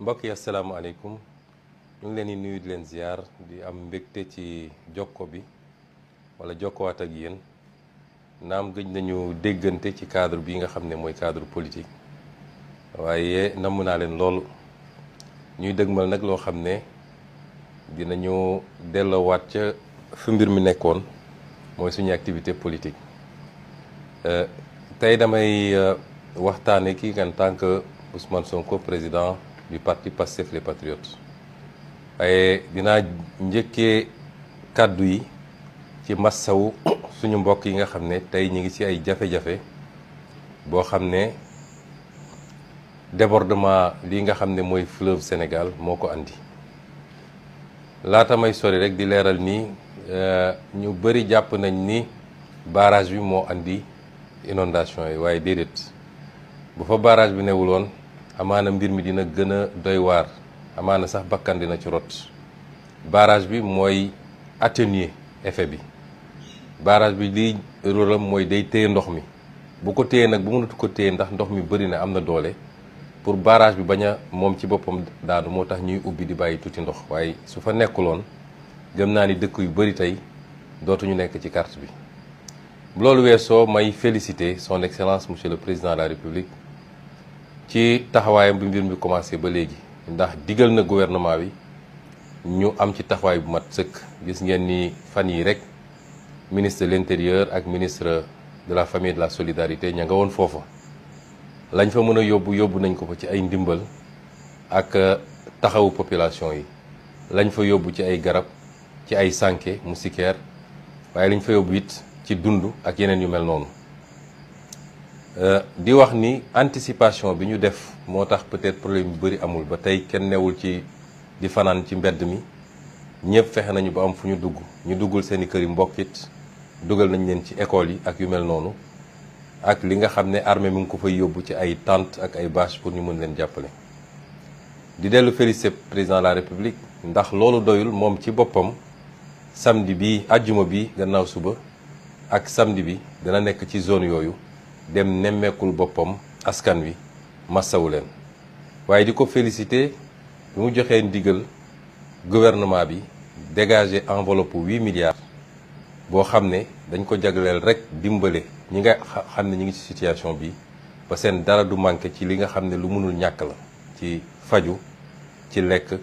mbokk yi asalaamaaleykum ñu ngi leen di nuyu leen ziar di am mbégte ci jokko bi wala jokkowaat ak yéen naam gëj nañu déggante ci cadre bi nga xam ne mooy cadre politique waaye namm naa leen lool ñuy dëgg dëgmal nag loo xam ne dinañu delloowaat ca fi mbir mi nekkoon mooy suñu activité politique euh, tey damay euh, waxtaane kii en tant que Ousmane Sonko président. du parti Pastef les Patriotes waaye dinaa njëkkee kàddu yi ci massawu suñu mbokk yi nga xam ne tey ñu ngi ci ay jafe-jafe boo xam ne débordement lii nga xam ne mooy fleuve Sénégal moo ko andi laata may sori rek di leeral nii euh, ñu bëri jàpp nañ ni barage bi moo andi inondation yi waaye déedéet bu fa barrage bi newul woon amaana mbir mi dina gën a doy waar amaana sax bakkan na ci rot barrage bi mooy atténuer effet bi barrage bi liy rôlam mooy day téye ndox mi bu ko téyee nag bu mënatu ko téye ndax ndox mi bëri na am na doole pour barrage bi bañ a moom ci boppam daanu moo tax ñuy ubbi di bàyyi tuuti ndox waaye su fa nekkuloon gëm naa ni dëkk yu bëri tey dootuñu nekk ci carte bi loolu weesoo may féliciter son excellence monsieur le président la république ci taxawaayam bi mbir mi commencé ba léegi ndax digal na gouvernement bi ñu am ci taxawaay bu mat sëkk gis ngeen ni fan yi rek ministre de l'intérieur ak ministre de la famille de la solidarité ña nga woon foofa lañ fa mën a yóbbu yóbbu nañ ko fa ci ay ndimbal ak euh, taxawu population yi lañ fa yóbbu ci ay garab ci ay sànke mu waaye lañ fa yóbbu it ci dund ak yeneen yu mel noonu Euh, di wax ni anticipation bi ñu def moo tax peut-être problème yu bëri amul ba tey kenn newul ci di fanaan ci mbedd mi ñëpp fexe nañu ba am fu ñu dugg ñu duggul seen i kër yi mbokkit dugal nañ leen ci école yi ak yu mel noonu ak li nga xam ne armée mi ngi ko fay yóbbu ci ay tente ak ay bâche pour ñu mën leen jàppale di dellu félicité président la république ndax loolu doyul moom ci boppam samedi bi àjjuma bi gannaaw suba ak samdi bi dana nekk ci zone yooyu dem nemmeekul boppam askan wi massawu leen waaye di ko félicité bi mu joxee ndigal gouvernement bi dégager enveloppe huit milliards boo xam ne dañ ko jagleel rek dimbale ñi nga xam ne ñi ngi ci situation bi ba seen dara du manqué ci li nga xam ne lu mënul ñàkk la ci faju ci lekk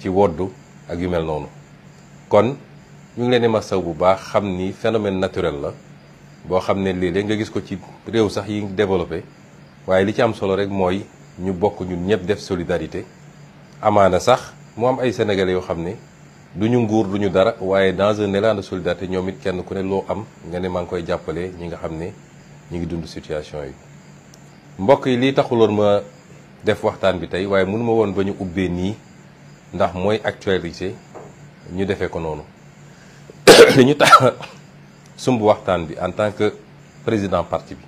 ci woddu ak yu mel noonu kon ñu ngi leen di masaw bu baax xam ni phénomène naturel la boo xam ne léeg-léeg nga gis ko ci réew sax yi développé waaye li ci am solo rek mooy ñu bokk ñu ñëpp def solidarité amaana sax mu am ay sénégalais yoo xam ne du ñu nguur du ñu dara waaye dans un élan de solidarité ñoom it kenn ku ne loo am nga ne maa koy jàppale ñi nga xam ne ñu ngi dund situation yi. mbokk yi lii taxuloon ma def waxtaan bi tey waaye mënu ma woon ba ñu ubbee nii ndax mooy actualité ñu defee ko noonu ñu tax. sumb waxtaan bi en tant que président parti bi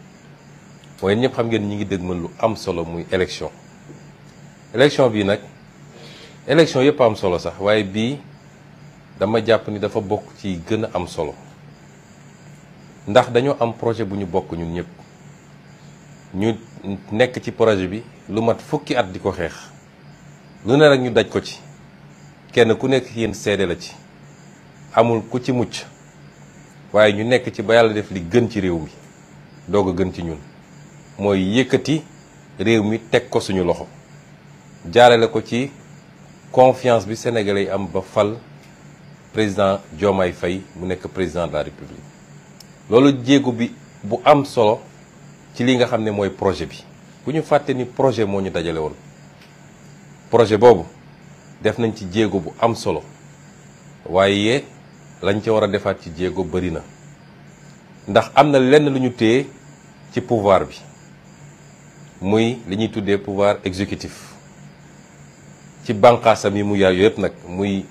mooy ñëpp xam ngeen ñi ngi dégmal lu am solo muy élection élection bii nag élection yëpp am solo sax waaye bii dama jàpp ni dafa bokk ci gën a am solo ndax dañoo am projet bu ñu bokk ñun ñëpp ñu nekk ci projet bi lu mat fukki at di ko xeex lu ne rek ñu daj ko ci kenn ku nekk yéen seede la ci amul ku ci mucc waaye ñu nekk ci ba yàlla def li gën ci réew mi doog a gën ci ñun mooy yëkkati réew mi teg ko suñu loxo jaarale ko ci confiance bi sénégalais yi am ba fal président Diomaye Faye mu nekk président de la république loolu jéego bi bu am solo ci li nga xam ne mooy projet bi ku ñu fàtte ni projet moo ñu dajale woon projet boobu def nañ ci jéego bu am solo waaye lañ ca war a defaat ci jéego bëri na ndax am na lenn lu ñu téye ci pouvoir bi muy li ñuy tuddee pouvoir exécutif ci bànqaasam yi mu yaayu yëpp nag muy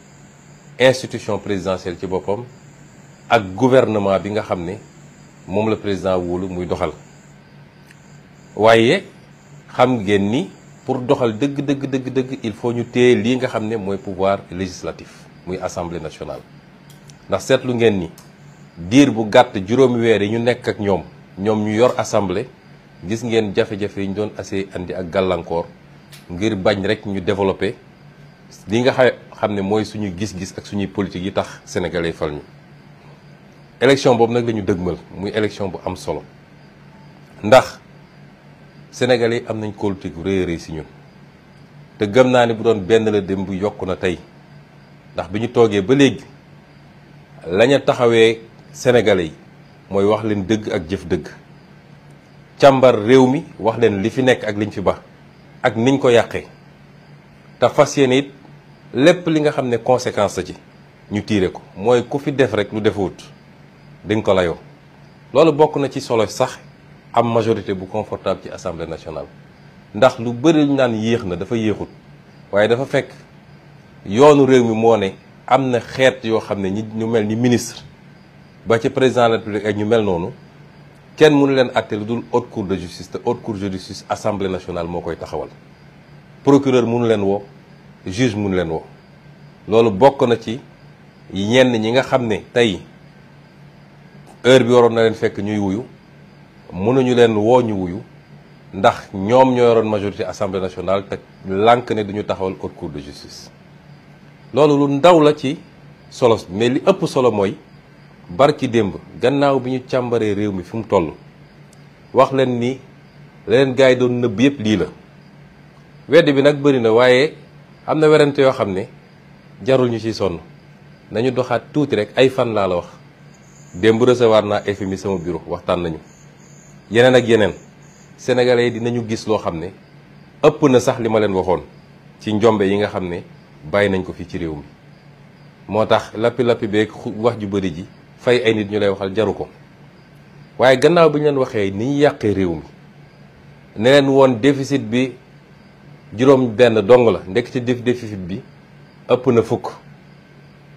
institution présidentielle ci boppam ak gouvernement bi nga xam ne moom la président wóolu muy doxal waaye xam ngeen ni pour doxal dëgg dëgg dëgg dëgg il faut ñu téye lii nga xam ne mooy pouvoir législatif muy assemblée nationale ndax seetlu ngeen ni diir bu gàtt juróomi weer yi ñu nekk ak ñoom ñoom ñu yor assemblée gis ngeen jafe-jafe yi ñu doon assez indi ak gàllankoor ngir bañ rek ñu développé li nga xam ne mooy suñu gis-gis ak suñuy politique yi tax sénégalais fal ñu. élection boobu nag la dëgmal muy élection bu am solo ndax sénégalais am nañ politique bu rëy si ñun te gëm naa ne bu doon benn la dem bu yokk na tey ndax bi ñu toogee ba léegi. laña taxawee sénégalais yi mooy wax leen dëgg ak jëf dëgg càmbar réew mi wax leen li fi nekk ak liñ fi ba ak niñ ko yàqee te fas yéene lépp li nga xam ne conséquence la ci ñu tiire ko mooy ku fi def rek lu defuwut di nga ko layoo loolu bokk na ci solo sax am majorité bu confortable ci assemblée nationale ndax lu bëri ñu naan yéex na dafa yéexut waaye dafa fekk yoonu réew mi moo ne am na xeet yoo xam ne ñi ñu mel ni ministre ba ci président de ak ñu mel noonu kenn mënu leen àtte lu dul haute cour de justice te haute cour de justice assemblée nationale moo koy taxawal procureur mënu leen woo juge mënu leen woo loolu bokk na ci ñenn ñi nga xam ne tey heure bi waroon na leen fekk ñuy wuyu mënuñu leen woo ñu wuyu ndax ñoom ñoo yoroon majorité assemblée nationale te lank ne duñu taxawal haute cour de justice loolu lu ndaw la ci solo mais li ëpp solo mooy bar ci démb gannaaw bi ñu càmbaree réew mi fi mu toll wax leen ni leneen gars yi doon nëbb yëpp lii la wedd bi nag bëri na waaye am na werante yoo xam ne jarul ñu ci sonn nañu doxaat tuuti rek ay fan laa la wax démb recevoir naa FMI sama bureau waxtaan nañu yeneen ak yeneen sénégalais yi dinañu gis loo xam ne ëpp na sax li ma leen waxoon ci njombe yi nga xam ne bàyyi nañ ko fii ci réew mi moo tax lappi-lappi beeg wax ju bëri ji fay ay nit ñu lay waxal jaru ko waaye gannaaw bi ñu leen waxee ni ñu yàqee réew mi ne leen woon déficit bi juróom benn dong la ndekk ci déficit bi ëpp na fukk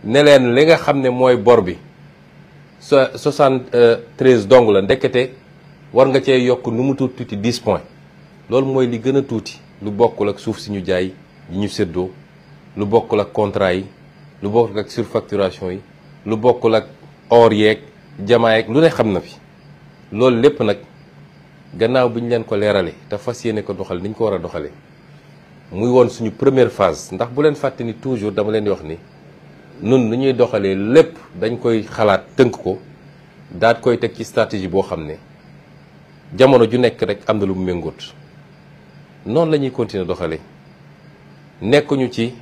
ne leen li nga xam ne mooy bor bi soixante treize dong la ndekete war nga cee yokk nu mu tuuti tuuti dix points loolu mooy li gën a tuuti lu bokkul ak suuf si ñu jaay yi ñu séddoo lu bokkul ak contrat yi lu bokkul ak surfacturation yi lu bokkul ak or yeeg jamaa yeeg lu ne xam na fi loolu lépp nag gannaaw bi ñu leen ko leeralee te fas yéene ko doxal ni ñu ko war a doxalee muy woon suñu première phase ndax bu leen fàtte ni toujours dama leen di wax ni nun nu ñuy doxalee lépp dañ koy xalaat tënk ko daat koy teg ci stratégie boo xam ne jamono ju nekk rek am na lu mu méngóot noonu la ñuy continuer doxalee nekkuñu ci.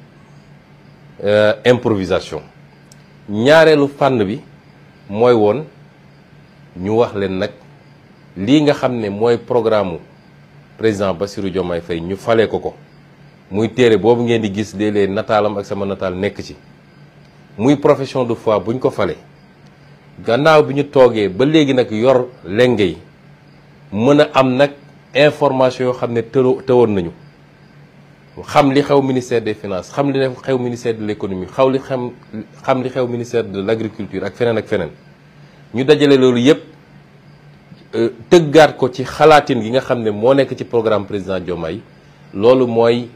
Euh, improvisation ñaareelu fànn bi mooy woon ñu wax leen nag lii nga xam ne mooy programme mu président Bassirou Diomaye Faye ñu fale ko ko muy téere boobu ngeen di gis léeg-léeg nataalam ak sama nataal nekk ci muy profession de foi buñ ko fale gannaaw bi ñu toogee ba léegi nag yor lenge yi mën a am nag information yoo xam ne tëwoon nañu xam li xew ministère des finances xam li xew ministère de l'économie xaw li xam xam li xew ministère de l'agriculture ak feneen ak feneen ñu dajale loolu yépp euh, tëggaat ko ci xalaatin gi nga xam ne moo nekk ci programme président Diomaye loolu mooy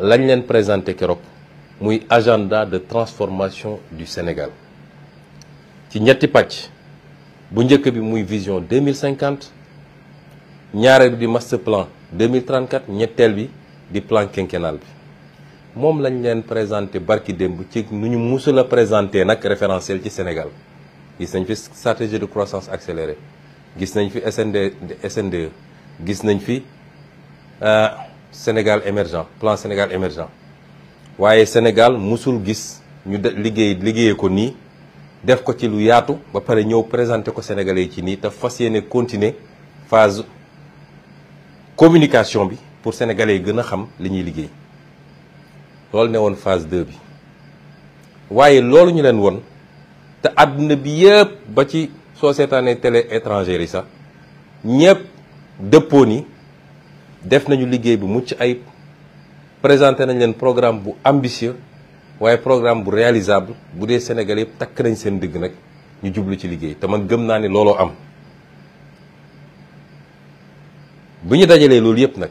lañ leen présenté keroog muy agenda de transformation du Sénégal ci ñetti pàcc bu njëkk bi muy vision 2050 ñaareel bi di master plan 2034 ñetteel bi di plan quinquennal bi moom lañ leen présenté barki démb ci nu ñu musul a nag référentiel ci Sénégal gis nañ fi stratégie de croissance accélérée gis nañ fi SND SNDE gis nañ fi euh, Sénégal émergent plan Sénégal émergent waaye Sénégal musul gis ñu de liggéey liggéeyee ko nii def ko ci lu yaatu ba pare ñëw présenté ko Sénégalais yi ci nii te fas yéene continuer phase communication bi pour sénégalais yi gën a xam li ñuy liggéey loolu ne woon phase 2 bi waaye loolu ñu leen won te àdduna bi yëpp ba ci soo seetaanee télé étrangère yi sax ñëpp dëppoo ni def nañu liggéey bu mucc ayib présenté nañ leen programme bu ambitieux waaye programme bu réalisable bu dee Sénégal yëpp takk nañ seen dëgg nag ñu jublu ci liggéey te man gëm naa ni looloo am bu ñu dajalee loolu yëpp nag.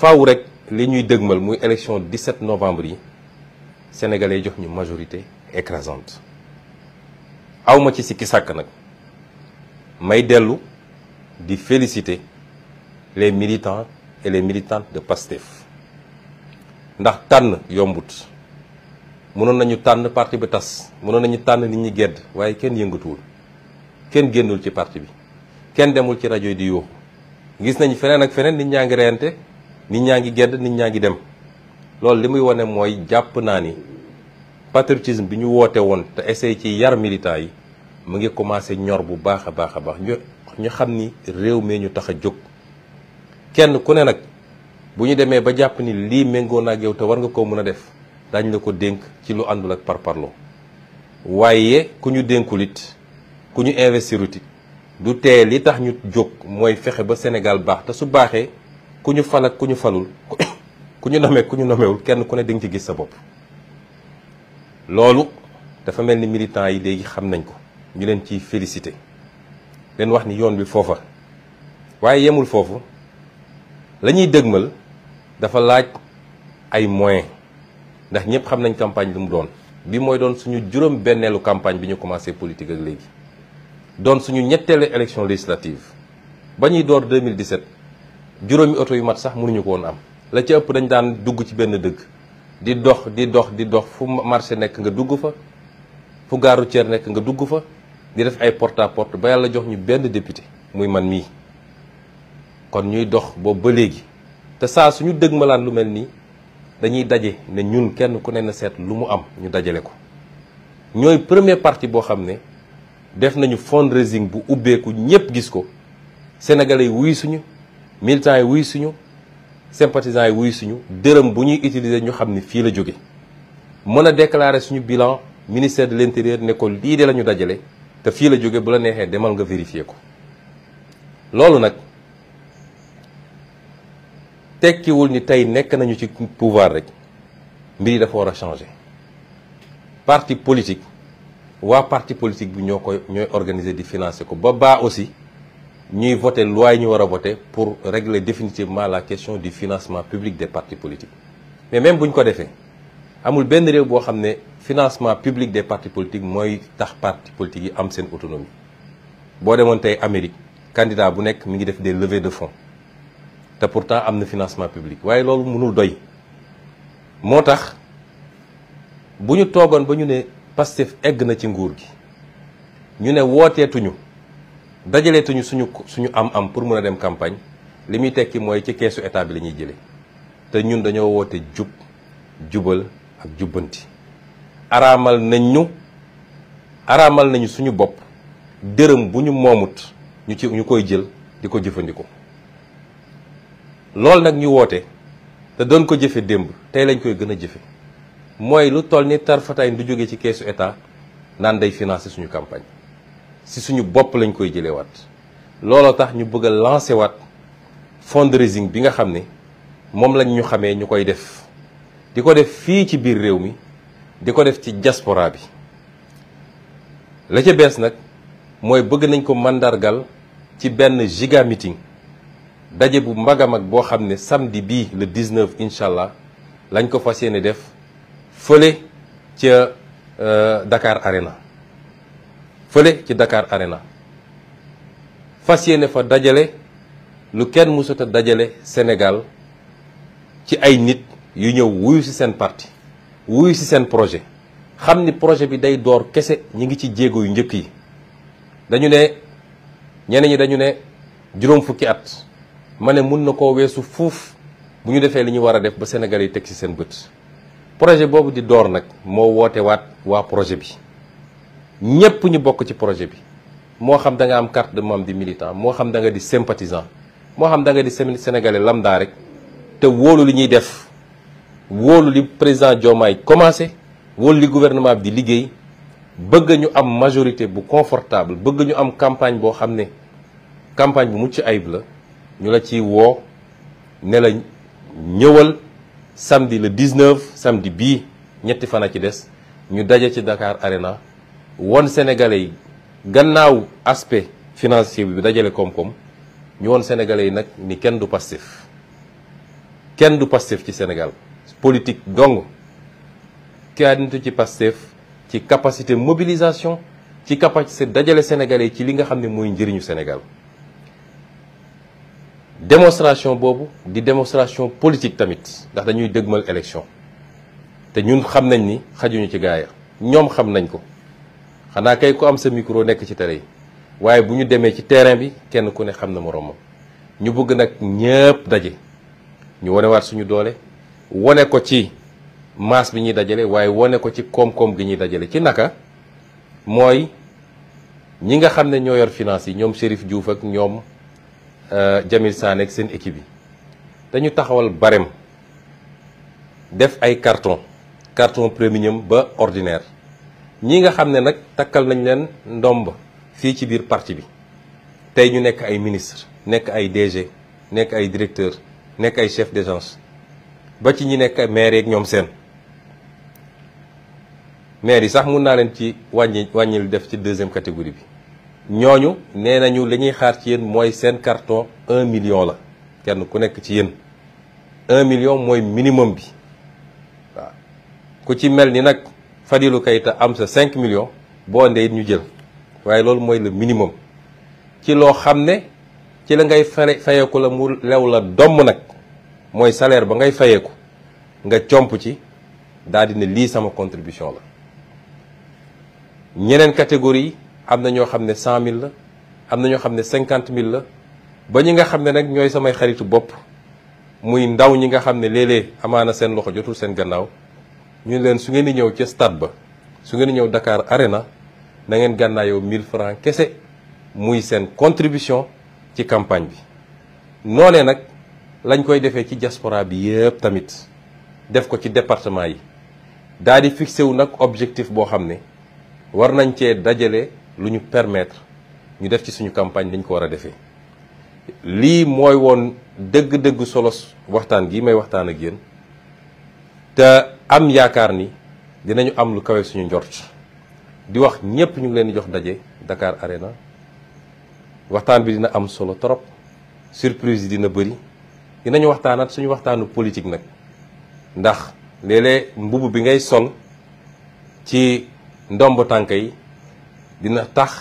faaw rek li ñuy dëgmal muy élection 17 novembre yi sénégalais jox ñu majorité écrasante awma ci sikki sàkk nag may dellu di féliciter les militants et les militantes de PASTEF ndax tànn yombut mënoon nañu tànn parti bi tas mënoon nañu tànn nit ñi gedd waaye kenn yëngatuwul kenn génnul ci parti bi kenn demul ci rajo yi di yuuxu gis nañu feneen ak feneen nit ñaa ngi reyante nit ñaa ngi gedd nit ñaa ngi dem loolu li muy wane mooy jàpp naa ni patriotisme bi ñu woote woon te essayé ci yar militant yi mu ngi commencé ñor bu baax a baax a baax ñu ñu xam ni réew mi ñu tax a jóg kenn ku ne nag bu ñu demee ba jàpp ni lii méngoo na ak yow te war nga koo mën a def daañu la ko dénk ci lu àndul ak parparloo waaye ku ñu dénkul it ku ñu investirut it du tee li tax ñu jóg mooy fexe ba Sénégal baax te su baaxee ku ñu fal ak ku ñu falul ku ñu nomee ku ñu nomewul kenn ku ne da nga ci gis sa bopp loolu dafa mel ni militants yi léegi xam nañ ko ñu leen ciy félicité leen wax ni yoon bi foofa waaye yemul foofu la ñuy dëgmal dafa laaj ay moyens ndax ñëpp xam nañ campagne lu mu doon bi mooy doon suñu juróom benneelu campagne bi ñu commencé politique ak léegi doon suñu ñetteelu élection législative ba ñuy door 2017 juróomi oto yu mat sax mënuñu ko woon am la ci ëpp dañ daan dugg ci benn dëkk di dox di dox di dox fu marché nekk nga dugg fa fu gaaru routière nekk nga dugg fa di def ay porte à ba yàlla jox ñu benn député muy man mii kon ñuy dox boobu ba léegi te saa suñu dëgg malaan lu mel nii dañuy daje ne ñun kenn ku ne na seet lu mu am ñu dajale ko ñooy premier parti boo xam ne def nañu fundraising bu ubbeeku ñëpp gis ko sénégalais yi wuy suñu militants yi wuy suñu sympathisants yi wuy suñu dërëm bu ñuy utiliser ñu xam ni fii la jóge mën a déclarer suñu bilan ministère de l'intérieur ne ko lii de la ñu dajale te fii la jóge bu la neexee demal nga vérifier ko loolu nag tekkiwul ni tey nekk nañu ci pouvoir rek mbir yi dafa war a changer parti politique waa parti politique bi ñoo koy ñooy organiser di financer ko ba baa aussi ñuy voter loi ñu war a voter pour régler définitivement la question du financement public des partis politiques mais bu ñu ko defee amul benn réew boo xam ne financement public des partis politiques mooy tax partis politiques yi am seen autonomie boo demoon tey Amérique candidat bu nekk mi ngi def des levées de fonds te pourtant am na financement public waaye loolu mënul doy moo tax bu ñu toogoon ba ñu ne Pastef egg na ci nguur gi ñu ne wooteetuñu dajaleetuñu suñu ko suñu am-am pour mën a dem campagne li muy tekki mooy ci keesu état bi la ñuy jëlee te ñun dañoo woote jub jubal ak jubbanti. araamal nañ ñu araamal nañu suñu bopp dërëm bu ñu moomut ñu ci ñu koy jël di ko jëfandikoo loolu nag ñu woote te doon ko jëfe démb tey lañ koy gën a jëfe mooy lu toll ni tarfataay du jóge ci keesu état naan day financer suñu campagne. si suñu bopp lañ koy jëlee waat looloo tax ñu bëgg a waat waat fundraising bi nga xam ne moom lañ ñu xamee ñu koy def di ko def fii ci biir réew mi di ko def ci jasporaa bi la ca bees nag mooy bëgg nañ ko màndargal ci benn giga meeting daje bu mag a mag boo xam ne samedi bii le 19 incha allah lañ ko fas yéene def fële ca euh, Dakar Arena fële ci Dakar Arena fas yéene fa dajale lu kenn mësut dajale Sénégal ci ay nit yu ñëw wuyu ci seen parti wuyu ci seen projet xam ni projet bi day door kese ñi ngi ci jéego yu njëkk yi dañu ne ñeneen yi dañu ne juróom fukki at ma ne mun na koo weesu fuuf bu ñu defee li ñu war a def ba Sénégal yi teg ci seen bët projet boobu di door nag moo woote waat waa projet bi ñëpp ñu bokk ci projet bi moo xam danga am carte de membre di militant moo xam da nga di sympathisant moo xam da nga di sénégalais lambda rek te wóolu li ñuy def wóolu li président Diomaye commencé wóolu li gouvernement bi di liggéey bëgg ñu am majorité bu confortable bëgg ñu am campagne boo xam ne campagne bu mucc ayib la ñu la ci woo ne la ñëwal samedi le 19 samdi bii ñetti fan a ci des ñu daje ci Dakar Arena woon sénégalais yi gannaaw aspect financier bi dajale koom-koom ñu woon sénégalais yi nag ni kenn du Pastef kenn du Pastef ci Sénégal politique dong kaanitu ci Pastef ci capacité mobilisation ci capacité dajale sénégalais yi ci li nga xam ne mooy njëriñu Sénégal démonstration boobu di démonstration politique tamit ndax dañuy dëgmal élection te ñun xam nañ ni xajuñu ci gaaya ñoom xam nañ ko xanaa kay ku am sa micro nekk ci tere yi waaye bu ñu demee ci terrain bi kenn ku ne xam na moroomam ñu bëgg nag ñëpp daje ñu wanewaat suñu doole wane ko ci masse bi ñuy dajale waaye wane ko ci koom-koom gi ñuy dajale ci naka mooy ñi nga xam ne ñoo yor finance yi ñoom Chérif Diouf ak ñoom euh, Jamil Sané ak seen équipe yi dañu taxawal barème def ay carton carton premium ba ordinaire ñi nga xam ne nag takkal nañ leen ndomb fii ci biir parti bi tey ñu nekk ay ministre nekk ay DG nekk ay directeur nekk ay chef d'agence ba ci ñi nekk maire yeeg ñoom seen maire yi sax mun naa leen ci wàññi wàññi def ci deuxième catégorie bi ñooñu nee nañu li ñuy xaar ci yéen mooy seen carton un million la kenn ku nekk ci yéen un million mooy minimum bi waaw ku ci mel ni nag Fadilou kayit am sa cinq millions boo ndee ñu jël waaye loolu mooy le minimum ci loo xam ne ci la ngay fay fayeeku la mu lew la domm nag mooy salaire ba ngay fayeeku nga comp ci daal di ne lii sama contribution la ñeneen catégorie am na ñoo xam ne 100000 mille am na ñoo xam ne 50000 la ba ñi nga xam ne nag ñooy samay xaritu bopp muy ndaw ñi nga xam ne léeg-léeg amaana seen loxo jotul seen gannaaw. ñu leen su ngeen di ñëw ca stade ba su ngeen ñëw Dakar Arena na ngeen gànnaayoo mille francs kese muy seen contribution ci campagne bi. noonee nag lañ koy defee ci diaspora bi yëpp tamit def ko ci département yi daal di fixé wu nag objectif boo xam ne war nañ cee dajale lu ñu permettre ñu def ci suñu campagne lañ ko war a defee. lii mooy woon dëgg-dëgg solos waxtaan gi may waxtaan ak yéen. te am yaakaar ni dinañu am lu kawe suñu njort di wax ñëpp ñu ngi leen di jox daje Dakar Arena waxtaan bi dina am solo trop surprise yi dina bëri dinañu waxtaanaat suñu waxtaanu politique nag ndax léeg mbubb bi ngay sol ci ndomb tànk yi dina tax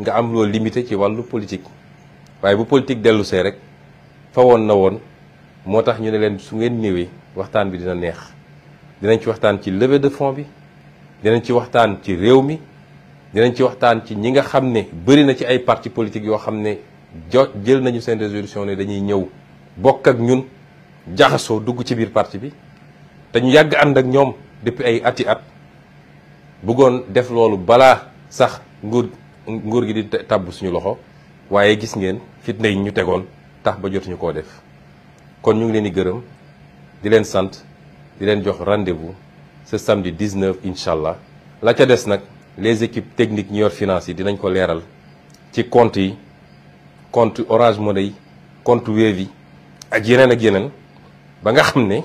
nga am loo limité ci wàllu politique waaye bu politik dellu see rek fa woon na woon moo tax ñu ne leen su ngeen ñëwee waxtaan bi dina neex dinañ ci waxtaan ci leve de fonds bi dinañ ci waxtaan ci réew mi dinañ ci waxtaan ci ñi nga xam ne bëri na ci ay parti politique yoo xam ne jo jël nañu seen résolution ne dañuy ñëw bokk ak ñun jaxasoo dugg ci biir parti bi dañu yàgg ànd ak ñoom depuis ay ati at bëggoon def loolu balaa sax nguur nguur gi di tàbb suñu loxo waaye gis ngeen fitna yi ñu tegoon tax ba jotuñu koo def kon ñu ngi leen di gërëm di leen sant di leen jox rendez-vous ce samedi 19 incha allah la ca des nag les équipes techniques ñu yor finance yi dinañ ko leeral ci compte yi compte Orange Money yi compte ak yeneen ak yeneen ba nga xam ne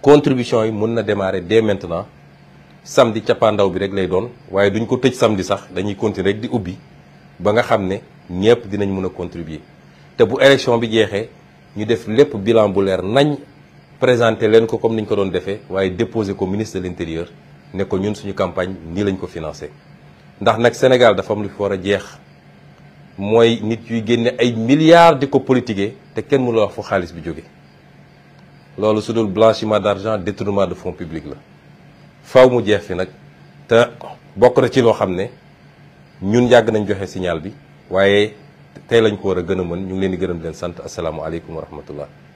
contribution yi mën na démarrer dès maintenant samedi cappaandaw bi rek lay doon waaye duñ ko tëj samedi sax dañuy continuer rek di ubbi ba nga xam ne ñëpp dinañ mën a contribuer te bu élection bi jeexee ñu def lépp bilan bu leer nañ présenté leen ko comme ni ñu ko doon defee waaye déposé ko ministre de l' ne ko ñun suñu campagne nii lañ ko financé ndax nag Sénégal dafa am lu fi war a jeex mooy nit yuy génne ay milliards di ko politiquer te kenn mënul wax fu xaalis bi jóge loolu su dul blanchiment d' argent détournement de fonds publics la faw mu jeex fi nag te bokk na ci loo xam ne ñun yàgg nañ joxe signal bi waaye tey lañ ko war a gën a mën ñu ngi leen di gërëm leen sant asalaamualeykum wa rahmatullah